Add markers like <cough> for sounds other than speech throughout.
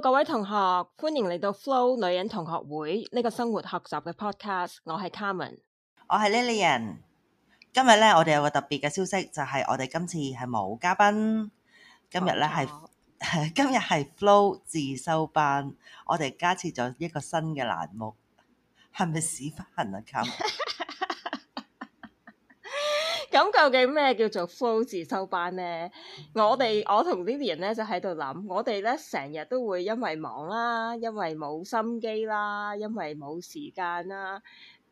各位同學，歡迎嚟到 Flo 女人同學會呢、這個生活學習嘅 podcast，我係 Carmen，我係 Lilian。今日咧，我哋有個特別嘅消息，就係、是、我哋今次係冇嘉賓。今日咧，係今日係 Flo 自修班，我哋加設咗一個新嘅欄目，係咪屎忽痕啊 Carmen <laughs> 咁究竟咩叫做 Flo 自修班呢？我哋我同 Lilian 咧就喺度諗，我哋咧成日都會因為忙啦，因為冇心機啦，因為冇時間啦，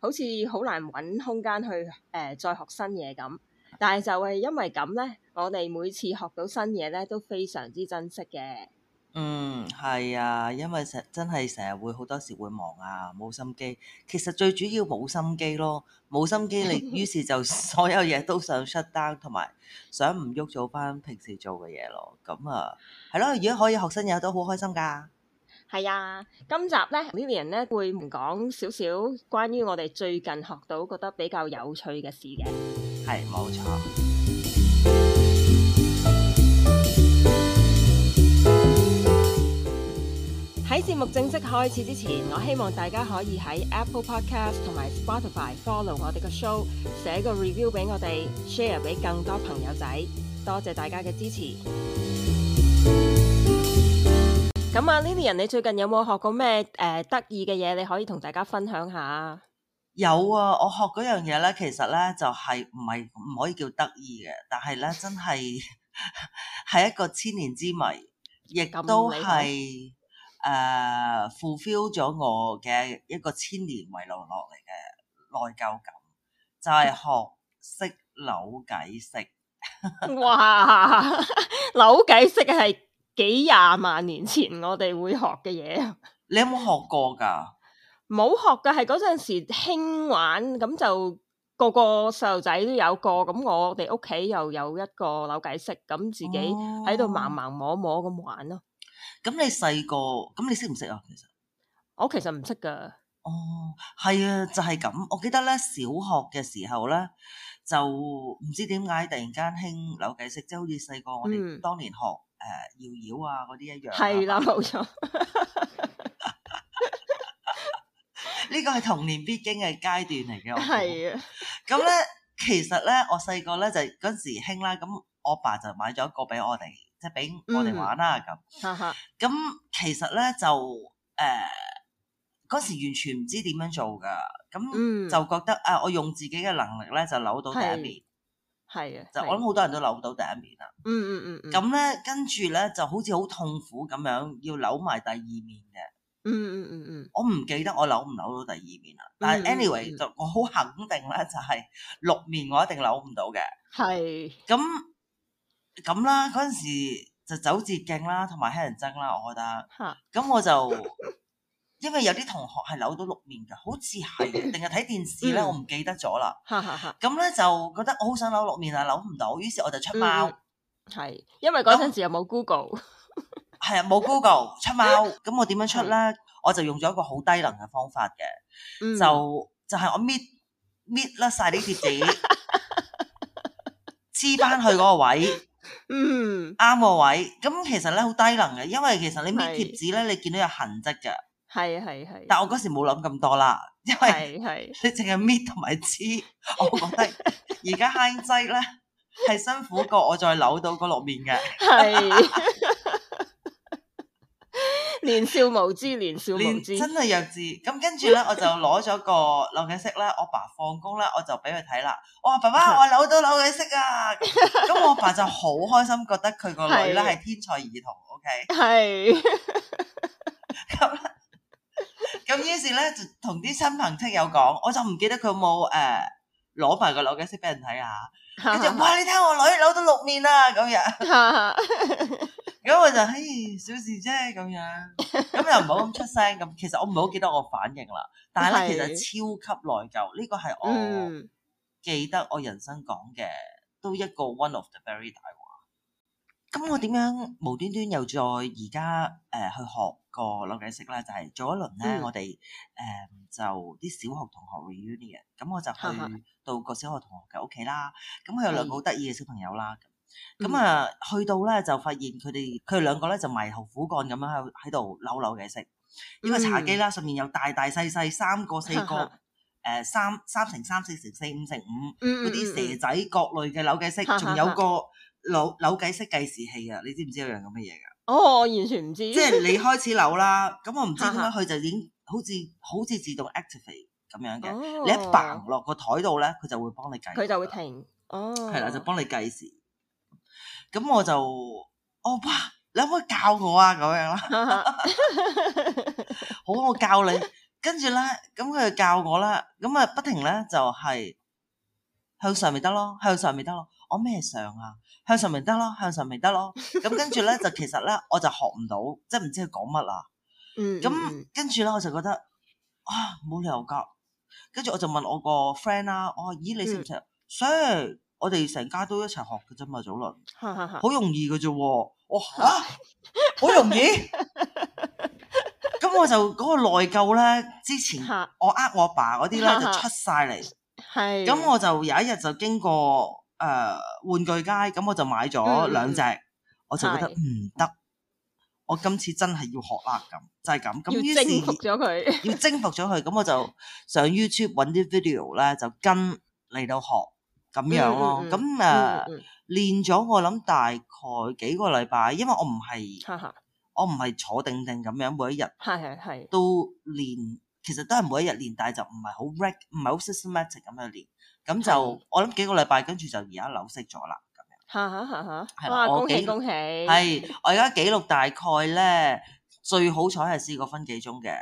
好似好難揾空間去誒、呃、再學新嘢咁。但係就係因為咁呢，我哋每次學到新嘢呢，都非常之珍惜嘅。嗯，係啊，因為成真係成日會好多時會忙啊，冇心機。其實最主要冇心機咯，冇心機，你於是就所有嘢都想 shut down， <laughs> 同埋想唔喐做翻平時做嘅嘢咯。咁、嗯、啊，係咯，如果可以學新嘢都好開心噶。係啊，今集咧 Lilian 咧會講少少關於我哋最近學到覺得比較有趣嘅事嘅。係冇錯。節目正式開始之前，我希望大家可以喺 Apple Podcast 同埋 Spotify follow 我哋嘅 show，寫個 review 俾我哋，share 俾更多朋友仔。多謝大家嘅支持。咁啊，Lilian，你最近有冇學過咩誒、呃、得意嘅嘢？你可以同大家分享下。有啊，我學嗰樣嘢咧，其實咧就係唔係唔可以叫得意嘅，但係咧真係係一個千年之謎，亦都係。誒，fulfil 咗我嘅一個千年遺留落嚟嘅內疚感，就係學識扭計骰。哇！扭計骰係幾廿萬年前我哋會學嘅嘢。你有冇學過噶？冇學噶，係嗰陣時興玩，咁就個個細路仔都有個，咁我哋屋企又有一個扭計骰，咁自己喺度盲盲摸摸咁玩咯。咁你細個咁你識唔識啊？其實我其實唔識噶。哦，係啊，就係、是、咁。我記得咧，小學嘅時候咧，就唔知點解突然間興扭計骰，即、就、係、是、好似細個我哋當年學誒搖搖啊嗰啲、啊、一樣、啊。係啦、嗯，冇錯。呢個係童年必經嘅階段嚟嘅。係啊。咁咧的，其實咧，我細個咧就嗰時興啦，咁我爸，爸就買咗一個俾我哋。即係俾我哋玩啦咁，咁、嗯、其實咧就誒嗰、欸、時完全唔知點樣做噶、嗯，咁就覺得啊、呃、我用自己嘅能力咧就扭到第一面，係啊是，就係係我諗好多人都扭到第一面啦，嗯嗯嗯，咁咧跟住咧就好似好痛苦咁樣要扭埋第二面嘅，嗯嗯嗯嗯，我唔記得我扭唔扭到第二面啦，但係 anyway 就我好肯定咧就係六面我一定扭唔到嘅，係，咁。咁啦，嗰陣時就走捷徑啦，同埋乞人憎啦，我覺得。嚇哈！咁我就因為有啲同學係扭到六面嘅，好似係定係睇電視咧，嗯、我唔記得咗啦。嚇嚇咁咧就覺得我好想扭六面啊，扭唔到，於是我就出貓。係、嗯，因為嗰陣時又冇 Google。係啊我，冇 <laughs> Google 出貓。咁我點樣出咧？嗯、我就用咗一個好低能嘅方法嘅、嗯，就就係、係我搣搣甩晒啲貼紙，黐翻 <laughs> 去嗰個位。嗯，啱個位。咁其實咧好低能嘅，因為其實你搣貼紙咧，是你見到有痕跡嘅，係係係。但係我嗰時冇諗咁多啦，因為你淨係搣同埋黐，我覺得而家慳劑咧係辛苦過我再扭到嗰落面嘅，係。 <laughs> 年少無知，年少無知，真係弱智。咁跟住咧，我就攞咗個扭計骰啦。 <laughs> 我爸放工咧，我就俾佢睇啦。我話爸爸，我扭到扭計骰啊！咁 <laughs> 我爸就好開心，覺得佢個女咧係天才兒童。O K，係。咁咁，於是咧就同啲親朋戚友講，我就唔記得佢有冇誒攞埋個扭計骰俾人睇下。跟住， <laughs> 哇！你睇我女扭到六面啦，咁樣。 <laughs> <laughs> 咁 <noise> 我就嘿，小事啫，咁樣，咁又唔好咁出聲咁。其實我唔係好記得我反應啦，但係咧是其實超級內疚。呢個係我記得我人生講嘅，都一個 one of the very 大話。咁我點樣無端端又再而家誒去學個扭計骰咧就係、是、做一輪咧，嗯、我哋誒、呃、就啲小學同學 reunion。咁我就去到個小學同學嘅屋企啦。咁佢有兩個好得意嘅小朋友啦。是的 嗯咁啊，去到咧就發現佢哋，佢哋兩個咧就埋頭苦幹咁樣喺喺度扭扭計骰。呢個茶几啦，上面有大大細細三個四個誒，三三乘三四乘四五乘五嗰啲蛇仔各類嘅扭計骰，仲有個扭扭計骰計時器啊！你知唔知有樣咁嘅嘢噶？哦，我完全唔知。即係你開始扭啦，咁我唔知點解佢就已經好似好似自動 activate 咁樣嘅。你一掟落個台度咧，佢就會幫你計，佢就會停哦。係啦，就幫你計時。咁我就，哦哇，你可唔可以教我啊？咁樣啦，好，我教你。跟住咧，咁佢就教我啦。咁啊，不停咧就係、是、向上咪得咯，向上咪得咯。我咩上啊？向上咪得咯，向上咪得咯。咁跟住咧就其實咧我就學唔到，即係唔知佢講乜啦。嗯。 <laughs> 咁跟住咧我就覺得，啊冇理由噶。跟住我就問我個 friend 啦，我話：咦，你識唔識？識。 <laughs> 我哋成家都一齊學嘅啫嘛，祖倫，好容易嘅、啊、啫， <laughs> <laughs> 哇， <laughs> 好容易。咁我就嗰個內疚咧，之前我呃我爸嗰啲咧就出晒嚟。係。咁我就有一日就經過誒、呃、玩具街，咁我就買咗兩隻， <laughs> 我就覺得唔得。我今次真係要學啦，咁就係咁。咁於是，要征服咗佢，要征服咗佢，咁我就上 YouTube 搵啲 video 咧，就跟嚟到學。 <laughs> <laughs> 咁樣咯、啊，咁誒練咗我諗大概幾個禮拜，因為我唔係，哈哈我唔係坐定定咁樣，每一日係係係，都練，其實都係每一日練，但係就唔係好 wreck 唔係好 systematic 咁樣練，咁就是我諗幾個禮拜，跟住就而家扭識咗啦，咁樣，嚇嚇嚇嚇，係，恭喜恭喜，係，我而家記錄大概咧，最好彩係試過分幾鐘嘅，誒、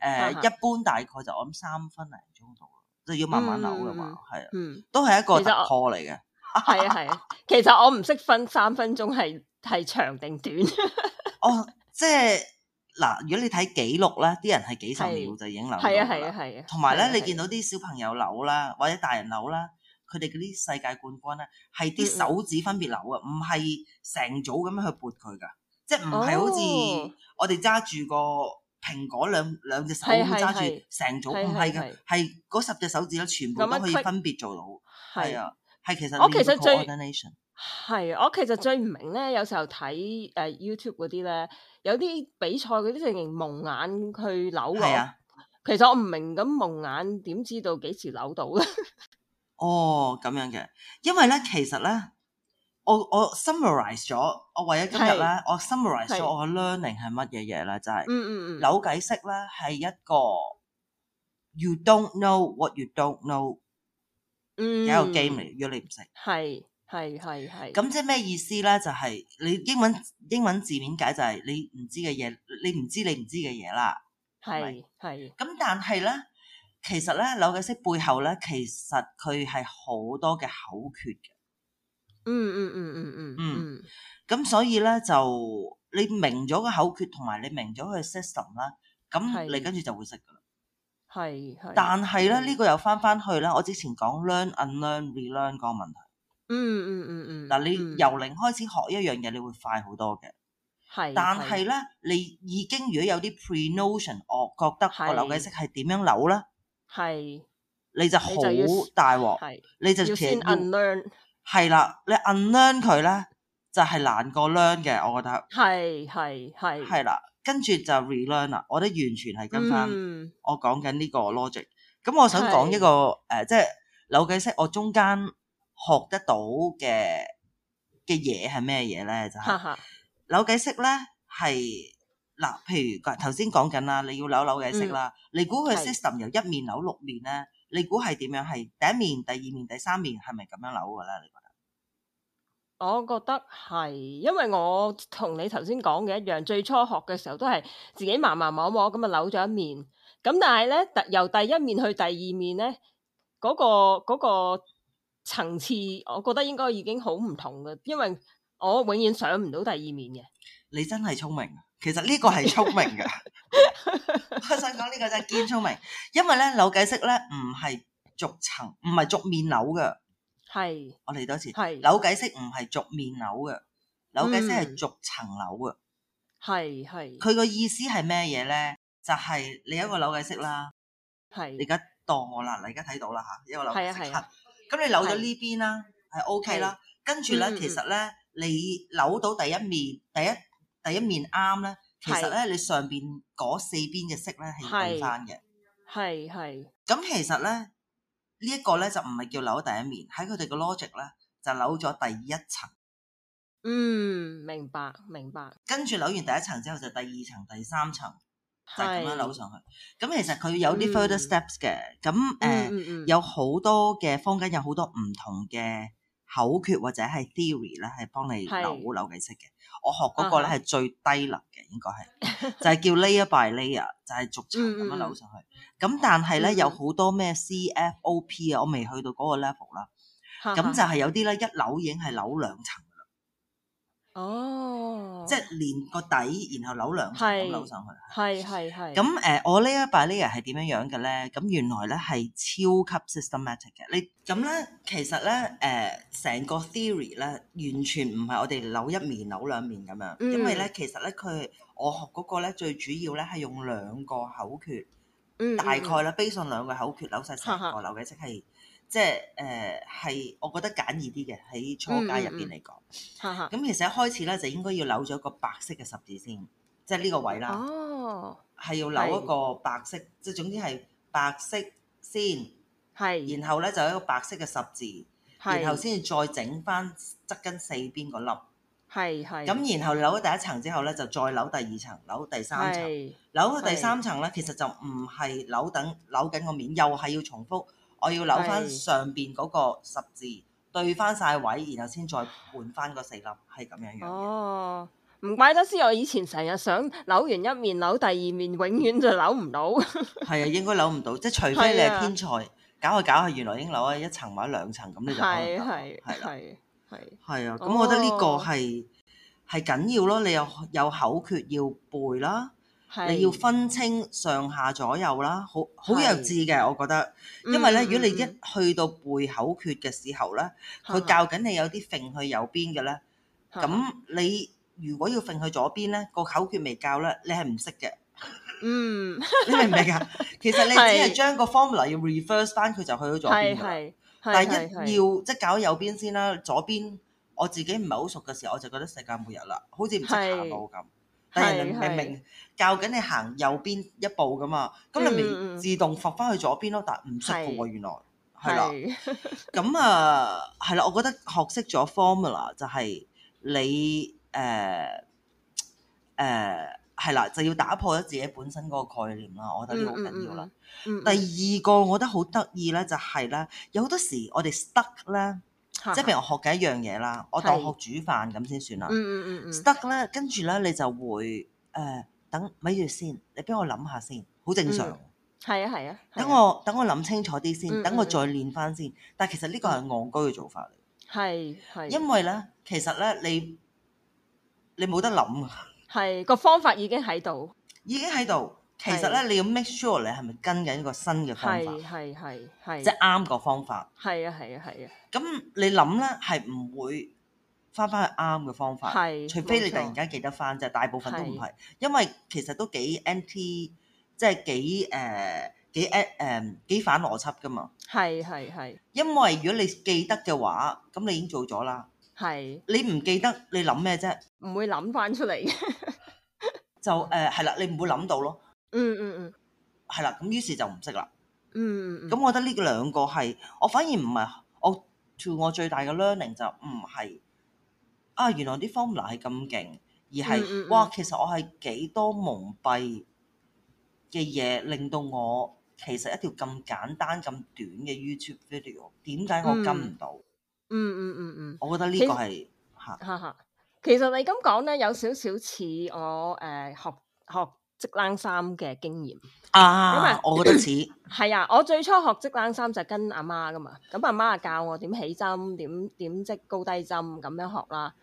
呃、哈一般大概就我諗三分零鐘到。都要慢慢扭㗎嘛，係啊，都係一個課嚟嘅。係啊係啊，其實我唔識分三分鐘係係長定短。哦，即係嗱，如果你睇記錄咧，啲人係幾十秒就已經扭咗。係啊係啊係啊。同埋咧，你見到啲小朋友扭啦，或者大人扭啦，佢哋嗰啲世界冠軍咧，係啲手指分別扭啊，唔係成組咁樣去撥佢噶，即係唔係好似我哋揸住個。蘋果兩兩隻手會揸住成組，唔係嘅，係嗰十隻手指咧，全部都可以分別做到。係啊麼的，係其實我其實最啊，我其實最唔明咧。有時候睇誒、uh, YouTube 嗰啲咧，有啲比賽嗰啲正型蒙眼去扭嘅。啊的、 <laughs> oh,。其實我唔明咁蒙眼點知道幾時扭到嘅？哦，咁樣嘅，因為咧，其實咧。我我 summarise 咗，我唯一今日咧，我 summarise 咗我嘅 learning 係乜嘢嘢咧，就係扭計骰咧係一個 you don't know what you don't know，嗯，有個 game 嚟，如果你唔識，係係係係。咁即係咩意思咧？就係你英文英文字面解就係你唔知嘅嘢，你唔知你唔知嘅嘢啦。係係。咁但係咧，其實咧扭計骰背後咧，其實佢係好多嘅口訣嘅。嗯嗯嗯嗯嗯嗯，咁所以咧就你明咗個口訣同埋你明咗佢嘅 system 啦，咁你跟住就會識㗎喇。係係。但係咧呢個又翻翻去咧，我之前講 learn unlearn relearn 個問題。嗯嗯嗯嗯。嗱你由零開始學一樣嘢，你會快好多嘅。係。但係咧，你已經如果有啲 pre notion，我覺得我扭計骰係點樣扭咧？係。你就好大鑊，係。你就。先係啦，你 unlearn 佢咧就係、是、難過 learn 嘅，我覺得係係係係啦，跟住就 relearn 啦，我哋完全係跟翻、嗯、我講緊呢個 logic。咁、嗯、我想講一個誒是、呃，即係扭計骰，我中間學得到嘅嘅嘢係咩嘢咧？就係扭計骰咧係嗱，譬如頭先講緊啦，你要扭扭計骰啦，嗯、你估佢 system 是由一面扭六面咧？你估係點樣？係第一面、第二面、第三面，係咪咁樣扭噶啦？你覺得？我覺得係，因為我同你頭先講嘅一樣，最初學嘅時候都係自己麻麻摸摸咁啊扭咗一面。咁但係咧，由第一面去第二面咧，嗰個嗰個層次，我覺得應該已經好唔同噶。因為我永遠想唔到第二面嘅。你真係聰明，其實呢個係聰明嘅。 <laughs> <laughs> 我想講呢個就係堅聰明，因為咧扭計骰咧唔係逐層，唔係逐面扭嘅。係，我嚟多次，係扭計骰唔係逐面扭嘅，扭計骰係逐層扭嘅。係係，佢個意思係咩嘢咧？就係你一個扭計骰啦。係，你而家當我啦，你而家睇到啦吓，一個扭計骰。咁你扭到呢邊啦，係 OK 啦。跟住咧，其實咧，你扭到第一面，第一第一面啱咧。其實咧，是你上邊嗰四邊嘅色咧係變翻嘅，係係。咁其實咧，這個、呢一個咧就唔係叫扭第一面，喺佢哋個 logic 咧就扭咗第一層。嗯，明白明白。跟住扭完第一層之後，就第二層、第三層，就咁、是、樣扭上去。咁是其實佢有啲 further steps 嘅，咁誒有好多嘅坊間有好多唔同嘅。口訣或者係 theory 咧，係幫你扭扭計骰嘅。是我學個咧係最低能嘅，應該係 <laughs> 就係叫 layer by layer，就係逐層咁樣扭上去。咁、嗯、但係咧、嗯、有好多咩 CFOP 啊，我未去到個 level 啦。咁就係有啲咧一扭已經係扭兩層。哦，即係連個底，然後扭兩下，咁是扭上去，係係係。咁誒，我、uh, 呢一排呢個係點樣樣嘅咧？咁原來咧係超級 systematic 嘅。你咁咧，其實咧誒，成、uh, 個 theory 咧，完全唔係我哋扭一面、扭兩面咁樣。嗯、因為咧，其實咧，佢我學嗰個咧，最主要咧係用兩個口訣，嗯嗯、大概啦，背上、嗯嗯、兩個口訣，扭晒成個流嘅即係。 <laughs> 即係誒，係、呃、我覺得簡易啲嘅喺初階入邊嚟講。咁、嗯嗯嗯、其實一開始咧就應該要扭咗個白色嘅十字先，即係呢個位啦。係、哦、要扭一個白色，是即係總之係白色先，係是。然後咧就一個白色嘅十字，是然後先至再整翻側跟四邊個粒。係係。咁然後扭咗第一層之後咧，就再扭第二層，扭第三層。扭第三層咧，其實就唔係扭緊扭緊個面，又係要重複。我要扭翻上邊嗰個十字，是對翻晒位，然後先再換翻個四粒，係咁樣樣。哦，唔怪得先，我以前成日想扭完一面，扭第二面，永遠就扭唔到。係 <laughs> 啊，應該扭唔到，即係除非你係天才，啊、搞下搞下，原來已經扭咗啊，一層或者兩層咁你就。係啊！係啊、哦！係啊，咁我覺得呢個係係緊要咯，你有有口訣要背啦。你要分清上下左右啦，好好弱智嘅，我覺得。因為咧，如果你一去到背口訣嘅時候咧，佢教緊你有啲揈去右邊嘅咧，咁你如果要揈去左邊咧，個口訣未教咧，你係唔識嘅。嗯，你明唔明啊？其實你只係將個 formula 要 reverse 翻，佢就去咗左邊。但係一要即係搞右邊先啦，左邊我自己唔係好熟嘅時候，我就覺得世界末日啦，好似唔識行路咁。但係明明。教緊你行右邊一步噶嘛，咁你咪自動伏翻去左邊咯，但係唔識喎原來，係是啦，咁 <laughs> 啊，係啦，我覺得學識咗 formula 就係你誒誒係啦，就要打破咗自己本身嗰個概念啦，我覺得呢個好緊要啦。嗯嗯嗯嗯、第二個我覺得好得意咧，就係咧有好多時我哋 stuck 咧，哈哈即係譬如我學緊一樣嘢啦，我當我學煮飯咁先是算啦，stuck 咧、嗯嗯嗯嗯、跟住咧你就會誒。嗯等，咪住先，你俾我諗下先，好正常。係啊係啊，等我等我諗清楚啲先，等我再練翻先。但係其實呢個係戇居嘅做法嚟。係係。因為咧，其實咧，你你冇得諗啊。係個方法已經喺度，已經喺度。其實咧，你要 make sure 你係咪跟緊一個新嘅方法，係係係，即係啱個方法。係啊係啊係啊。咁你諗咧，係唔會？翻翻去啱嘅方法，除非你突然間記得翻啫。大部分都唔係，因為其實都幾 nt，即係幾誒幾 at 誒幾反邏輯㗎嘛。係係係。因為如果你記得嘅話，咁你已經做咗啦。係你唔記得，你諗咩啫？唔會諗翻出嚟，就誒係啦。你唔會諗到咯。嗯嗯嗯，係啦。咁於是就唔識啦。嗯嗯，咁我覺得呢兩個係我反而唔係我 to 我最大嘅 learning 就唔係。啊！原來啲 formula 係咁勁，而係、嗯嗯嗯、哇，其實我係幾多蒙蔽嘅嘢，令到我其實一條咁簡單、咁短嘅 YouTube video，點解我跟唔到、嗯？嗯嗯嗯嗯，嗯嗯我覺得呢個係哈哈。其，啊、其實你咁講咧，有少少似我誒學、呃、學。學織冷衫嘅經驗啊，因為我覺得似係 <coughs> 啊，我最初學織冷衫就跟阿媽噶嘛，咁阿媽啊教我點起針，點點織高低針咁樣學啦，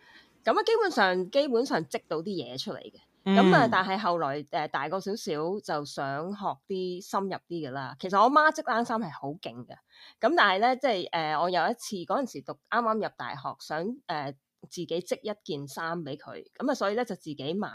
咁啊基本上基本上織到啲嘢出嚟嘅，咁啊、嗯嗯、但係後來誒、呃、大個少少就想學啲深入啲嘅啦，其實我媽織冷衫係好勁嘅，咁但係咧即係誒我有一次嗰陣時讀啱啱入大學，想誒、呃、自己織一件衫俾佢，咁啊所以咧就自己買。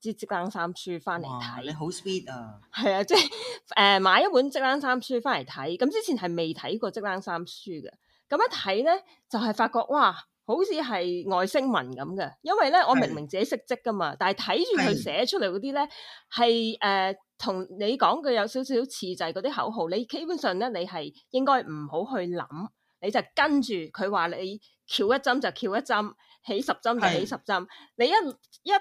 即即冷衫書返嚟睇，你好 speed 啊！係啊，即係誒，買一本織冷衫書返嚟睇，咁之前係未睇過織冷衫書嘅，咁一睇咧就係、是、發覺哇，好似係外星文咁嘅，因為咧我明明自己識織噶嘛，的但係睇住佢寫出嚟嗰啲咧係誒同你講嘅有少少似，就係嗰啲口號，你基本上咧你係應該唔好去諗，你就跟住佢話你翹一針就翹一針，起十針就起十針，的你一一。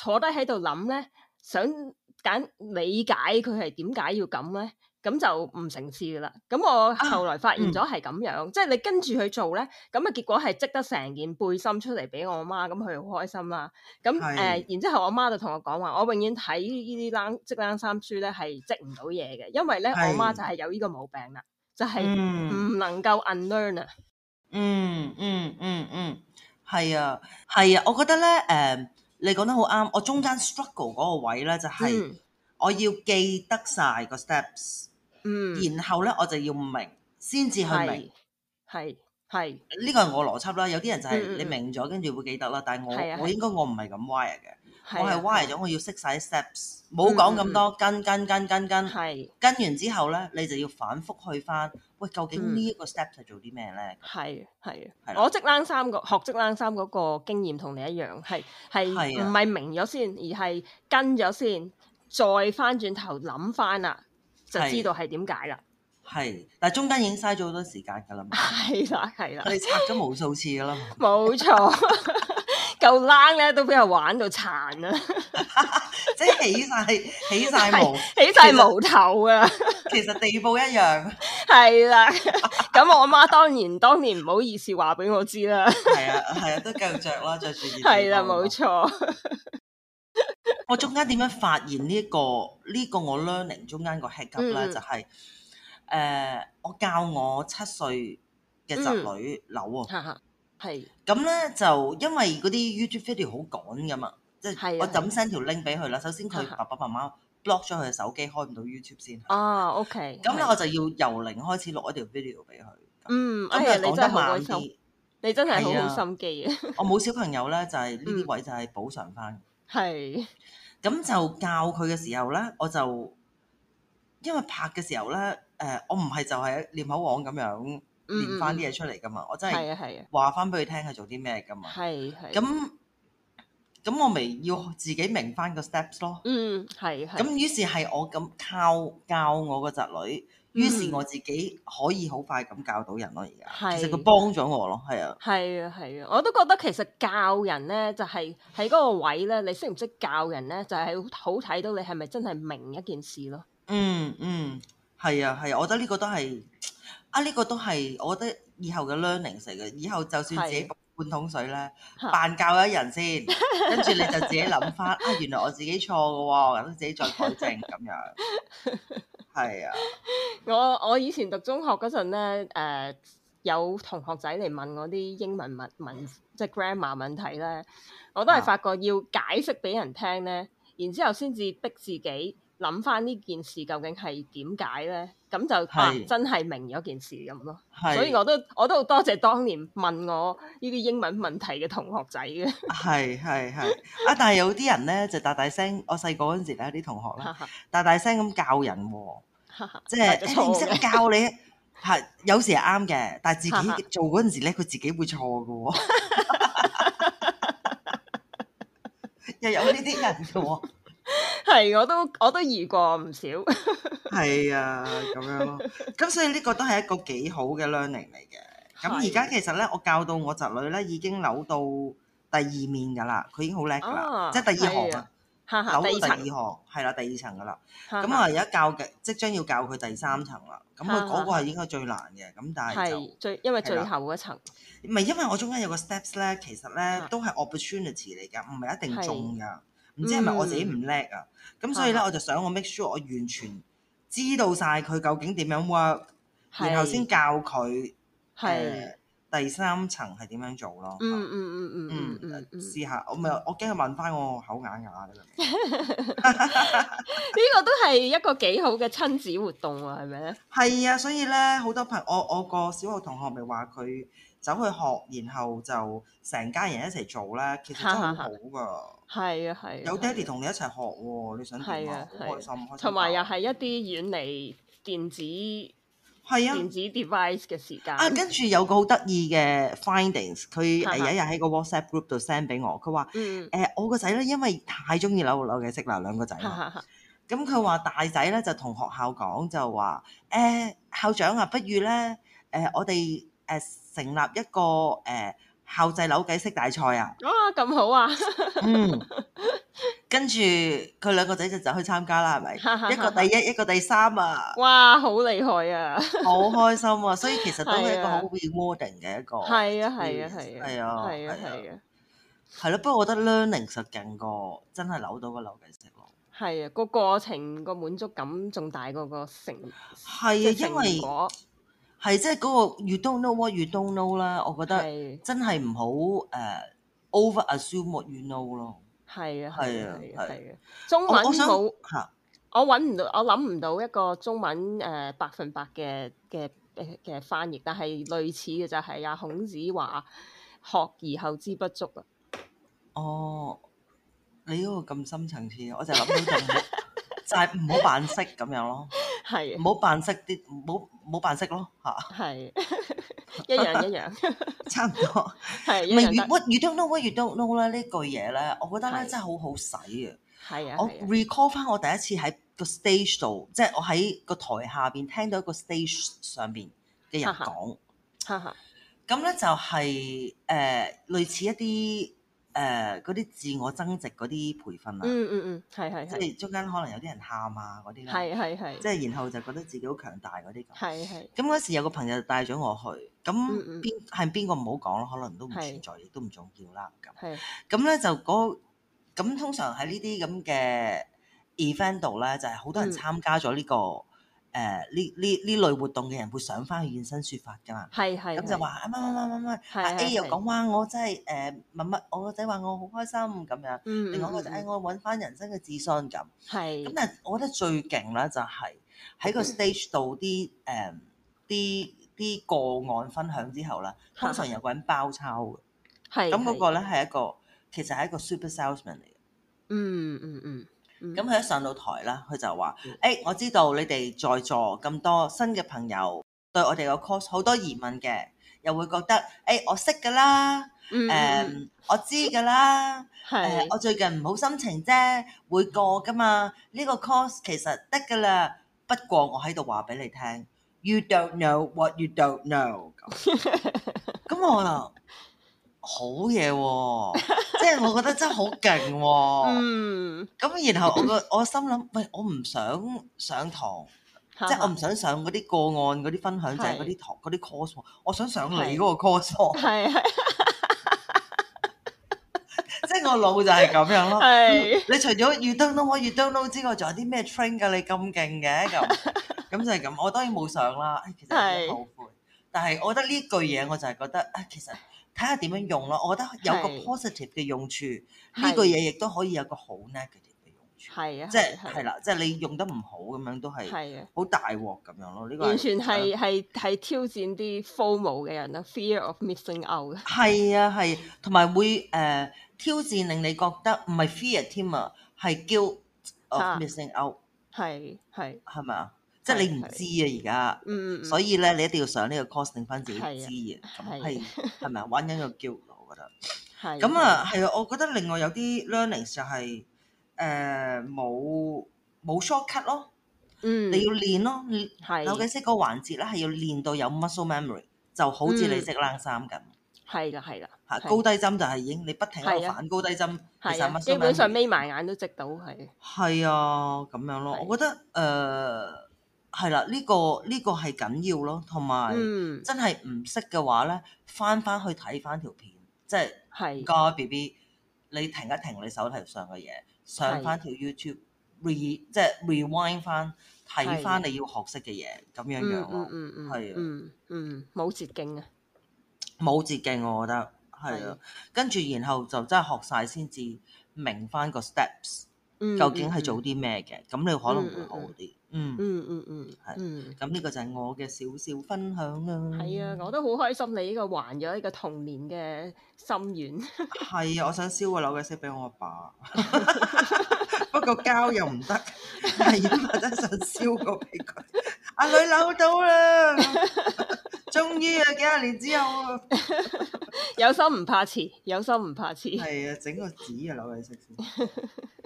坐低喺度諗咧，想揀理解佢係點解要咁咧，咁就唔成事嘅啦。咁我後來發現咗係咁樣，即係你跟住去做咧，咁啊結果係織得成件背心出嚟俾我媽，咁佢好開心啦。咁誒，然之後我媽就同我講話，我永遠睇呢啲冷織冷衫書咧係織唔到嘢嘅，因為咧我媽就係有呢個毛病啦，就係唔能夠 unlearn 啊。嗯嗯嗯嗯，係啊係啊，我覺得咧誒。你講得好啱，我中間 struggle 個位咧就係、是、我要記得曬個 steps，嗯，然後咧我就要明先至去明，係係呢個係我邏輯啦。有啲人就係你明咗跟住會記得啦，但係我、啊、我應該我唔係咁 wire 嘅。啊、我係歪咗，我要識晒。steps，冇講咁多跟跟跟跟跟，跟,跟,跟,是跟完之後咧，你就要反覆去翻，喂，究竟呢一個 step 係做啲咩咧？係係，啊、我即係三個學即係三嗰個,個經驗同你一樣，係係唔係明咗先，而係跟咗先，再翻轉頭諗翻啦，就知道係點解啦。係，但係中間已經嘥咗好多時間㗎啦。係啦、啊，係啦、啊。你、啊啊啊啊啊、拆咗無數次㗎啦。冇錯。夠冷咧，都俾人玩到殘啊！ <laughs> 即係起晒起晒毛， <laughs> 實起晒毛頭啊！ <laughs> 其實地步一樣，係 <laughs> 啦、 <laughs> 啊。咁我媽當年當年唔好意思話俾我知啦。係啊係啊，都夠着啦，着住熱。係啦、啊，冇錯。 <laughs> 我中間點樣發現呢、呢個呢、呢個我 learning 中間個 head gap 咧，嗯、就係、是、誒、呃，我教我七歲嘅侄女扭啊。嗯 <laughs> 係咁咧，就因為嗰啲 YouTube video 好趕噶嘛，即係、啊、我咁 send 條 link 俾佢啦。首先佢爸爸媽媽 block 咗佢嘅手機，開唔到 YouTube 先。哦、啊、OK。咁咧的我就要由零開始錄一條 video 俾佢。嗯，因、嗯哎、呀，講得慢啲，你真係好好心機啊！ <laughs> 我冇小朋友咧，就係呢啲位就係補償翻。係、嗯。咁就教佢嘅時候咧，我就因為拍嘅時候咧，誒、呃，我唔係就係念口簧咁樣。連翻啲嘢出嚟噶嘛，嗯、我真係話翻俾佢聽係做啲咩噶嘛。係係。咁咁我咪要自己明翻個 steps 咯。嗯，係。咁於是係我咁教教我個侄女，於、嗯、是我自己可以好快咁教到人咯、啊。而家，係，其實佢幫咗我咯。係啊，係啊，係啊，我都覺得其實教人咧，就係喺嗰個位咧，你識唔識教人咧，就係、是、好睇到你係咪真係明一件事咯。嗯嗯，係啊係啊，我覺得呢個都係。啊！呢、呢個都係我覺得以後嘅 learning 嚟嘅。以後就算自己半桶水咧，扮的教一人先，跟住 <laughs> 你就自己諗翻啊！原來我自己錯嘅喎，咁自己再改正咁樣。係啊， <laughs> 我我以前讀中學嗰陣咧，誒、呃、有同學仔嚟問我啲英文問問的即係 grammar 問題咧，我都係發覺要解釋俾人聽咧，啊、然之後先至逼自己諗翻呢件事究竟係點解咧。咁就是、啊、真係明咗件事咁咯，是所以我都我都好多謝當年問我呢啲英文問題嘅同學仔嘅。係係係，啊！但係有啲人咧就大大聲，我細個嗰陣時咧啲同學啦，大大聲咁教人、哦，即係唔識教你係、啊、有時係啱嘅，但係自己做嗰陣時咧佢自己會錯㗎喎、哦。 <laughs> 又有呢啲人喎、哦。 <laughs> 係，我都我都遇過唔少。係啊，咁樣咯。咁所以呢個都係一個幾好嘅 learning 嚟嘅。咁而家其實咧，我教到我侄女咧已經扭到第二面噶啦，佢已經好叻噶啦，即係第二行啊，扭到第二行，係啦，第二層噶啦。咁我而家教嘅即將要教佢第三層啦。咁佢嗰個係應該最難嘅。咁但係就最因為最後一層，唔係因為我中間有個 steps 咧，其實咧都係 opportunity 嚟嘅，唔係一定中㗎。唔知係咪我自己唔叻啊？咁、嗯、所以咧，的我就想我 make sure 我完全知道曬佢究竟點樣 work，的然後先教佢。係的、呃、第三層係點樣做咯？嗯嗯嗯。嗯嗯試下，我唔係我驚佢問返我口啞啞呢 <laughs> <laughs> 個都係一個幾好嘅親子活動啊，係咪啊？係 <laughs> 啊，所以咧，好多朋友，我我個小學同學咪話佢走去學，然後就成家人一齊做咧，其實真係好㗎。係 <laughs> 啊，係。啊啊，有爹哋同你一齊學喎，啊啊、你想點啊？開心、啊、開心。同埋、啊啊、又係一啲遠離電子。係啊，電子 device 嘅時間啊，跟住有個好得意嘅 findings，佢誒有一日喺個， <laughs> 個 WhatsApp group 度 send 俾我，佢話誒我個仔咧因為太鍾意扭扭嘅色啦，兩個仔咁，佢話大仔咧就同學校講就話誒、呃、校長啊，不如咧誒、呃、我哋誒、呃、成立一個誒。呃後製扭計骰大賽啊！哇，咁好啊！嗯，跟住佢兩個仔就就去參加啦，係咪？一個第一，一個第三啊！哇，好厲害啊！好開心啊！所以其實都係一個好 rewarding 嘅一個。係啊係啊係啊！係啊係啊係啊！係咯，不過我覺得 learning 實勁過真係扭到個扭計骰咯。係啊，個過程個滿足感仲大過個成。係啊，因為。係，即係嗰個 You don't know what you don't know 啦的。我覺得真係唔好誒、uh, overassume what you know 咯。係啊，係啊，係啊。中文冇，我揾唔到，我諗唔到一個中文誒百分百嘅嘅嘅翻譯，但係類似嘅就係、是、阿孔子話學而後知不足啊。哦，你嗰個咁深層次，我就諗到 <laughs> 就係唔好扮識咁樣咯。係，冇扮色啲，冇冇扮色咯嚇。係，一樣一樣，差唔多。係，You don't know what you don't know 咧呢句嘢咧，我覺得咧 space outgoing 真係好好使啊！係啊，我 recall 翻我第一次喺個 stage 度，即係我喺個台下邊聽到一個 stage 上邊嘅人講，咁咧 <laughs> <music> 就係誒類似一啲。誒嗰啲自我增值嗰啲培訓啊，嗯嗯嗯，係、嗯、係、嗯、即係中間可能有啲人喊啊嗰啲啦，係係係，即係然後就覺得自己好強大嗰啲咁，係係，咁嗰時有個朋友就帶咗我去，咁邊係邊個唔好講咯，可能都唔存在，亦是都唔重要啦咁，係，咁咧是就嗰，咁通常喺呢啲咁嘅 event 度咧，就係、是、好多人參加咗呢、這個。嗯嗯誒呢呢呢類活動嘅人會上翻去現身説法㗎嘛，係係，咁就話啊，乜乜乜乜乜，啊 A 又講話我真係誒乜乜，我個仔話我好開心咁樣，另外個仔誒我揾翻人生嘅智商心，係咁、嗯嗯嗯、但係我覺得最勁啦就係、是、喺個 stage 度啲誒啲啲個案分享之後啦，通常有個人包抄嘅，係咁嗰個咧係一個其實係一個 super salesman 嚟嘅，嗯嗯嗯。咁佢一上到台啦，佢就話：誒、嗯欸，我知道你哋在座咁多新嘅朋友對我哋個 course 好多疑問嘅，又會覺得，誒、欸，我識噶啦，誒、嗯嗯，我知噶啦，誒的、啊，我最近唔好心情啫，會過噶嘛，呢、這個 course 其實得噶啦，不過我喺度話俾你聽，You don't know what you don't know。 <laughs> <laughs> 咁我。好嘢喎、哦！ <laughs> 即係我覺得真係好勁喎！ <laughs> 嗯，咁然後我個我心諗，喂，我唔想上堂， <laughs> 嗯、即係我唔想上嗰啲個案嗰啲分享就係嗰啲堂嗰啲 course，我想上你嗰個 course。係係是， <laughs> <laughs> <laughs> <laughs> 即係我腦就係咁樣咯、 <laughs> 嗯。你除咗 You don't know what you don't know 之外，仲有啲咩 train 噶？你咁勁嘅咁，咁 <laughs> 就係咁。我當然冇上啦。係，其實好後悔。但係我覺得呢句嘢，我就係覺得啊，其實。其實 <laughs> <laughs> <laughs> 睇下點樣用咯，我覺得有個 positive 嘅用處，呢個嘢亦都可以有個好 negative 嘅用處，係啊，即係係啦，即係你用得唔好咁樣都係係啊，好大鑊咁樣咯。呢個完全係係係挑戰啲 formal 嘅人咯，fear of missing out 係啊係，同埋會誒挑戰令你覺得唔係 fear 添啊，係叫 of missing out 係係係咪啊？即係你唔知啊，而家，所以咧，你一定要上呢個 course 等返自己知嘅，咁係係咪啊？玩緊個叫。我覺得。係。咁啊，係啊，我覺得另外有啲 learning 就係誒冇冇 shortcut 咯，嗯，你要練咯，係。尤其是個環節咧，係要練到有 muscle memory，就好似你織冷衫咁。係啦，係啦，吓高低針就係已經你不停喺度反高低針，係啊，基本上眯埋眼都織到係。係啊，咁樣咯，我覺得誒。係啦，呢、嗯這個呢、這個係緊要咯，同埋真係唔識嘅話咧，翻翻去睇翻條片，即係係家 B B，你停一停你手提上嘅嘢，上翻條 YouTube 的 re 即係 rewind 翻睇翻你要學識嘅嘢，咁樣樣咯，嗯嗯嗯，係、嗯、啊，嗯嗯冇捷徑啊，冇捷徑，我覺得係啊，跟住的然後就真係學晒先至明翻個 steps。究竟係做啲咩嘅？咁、嗯、你可能會好啲。嗯嗯嗯嗯，係。咁呢個就係我嘅少少分享啦、啊。係啊，我都好開心，你呢個還咗呢個童年嘅心願。係 <laughs> 啊，我想燒個扭計骰俾我阿爸，爸， <laughs> <laughs> 不過膠又唔得，係要買得上燒個俾佢。阿 <laughs> 女、啊、扭到啦， <laughs> 終於啊幾廿年之後， <laughs> <laughs> 有心唔怕遲，有心唔怕遲。係啊，整個紙嘅扭計骰。 <laughs>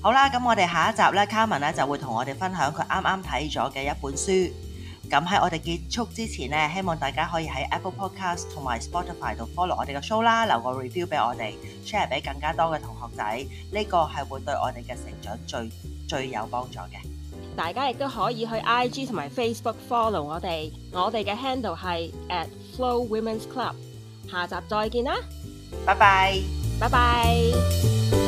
好啦，咁我哋下一集咧，Carmen 咧就會同我哋分享佢啱啱睇咗嘅一本書。咁喺我哋結束之前呢，希望大家可以喺 Apple Podcast 同埋 Spotify 度 follow 我哋嘅 show 啦，留個 review 俾我哋，share 俾更加多嘅同學仔。呢、這個係會對我哋嘅成長最最有幫助嘅。大家亦都可以去 IG 同埋 Facebook follow 我哋，我哋嘅 handle 係 at Flo Women’s Club。下集再見啦，拜拜，拜拜。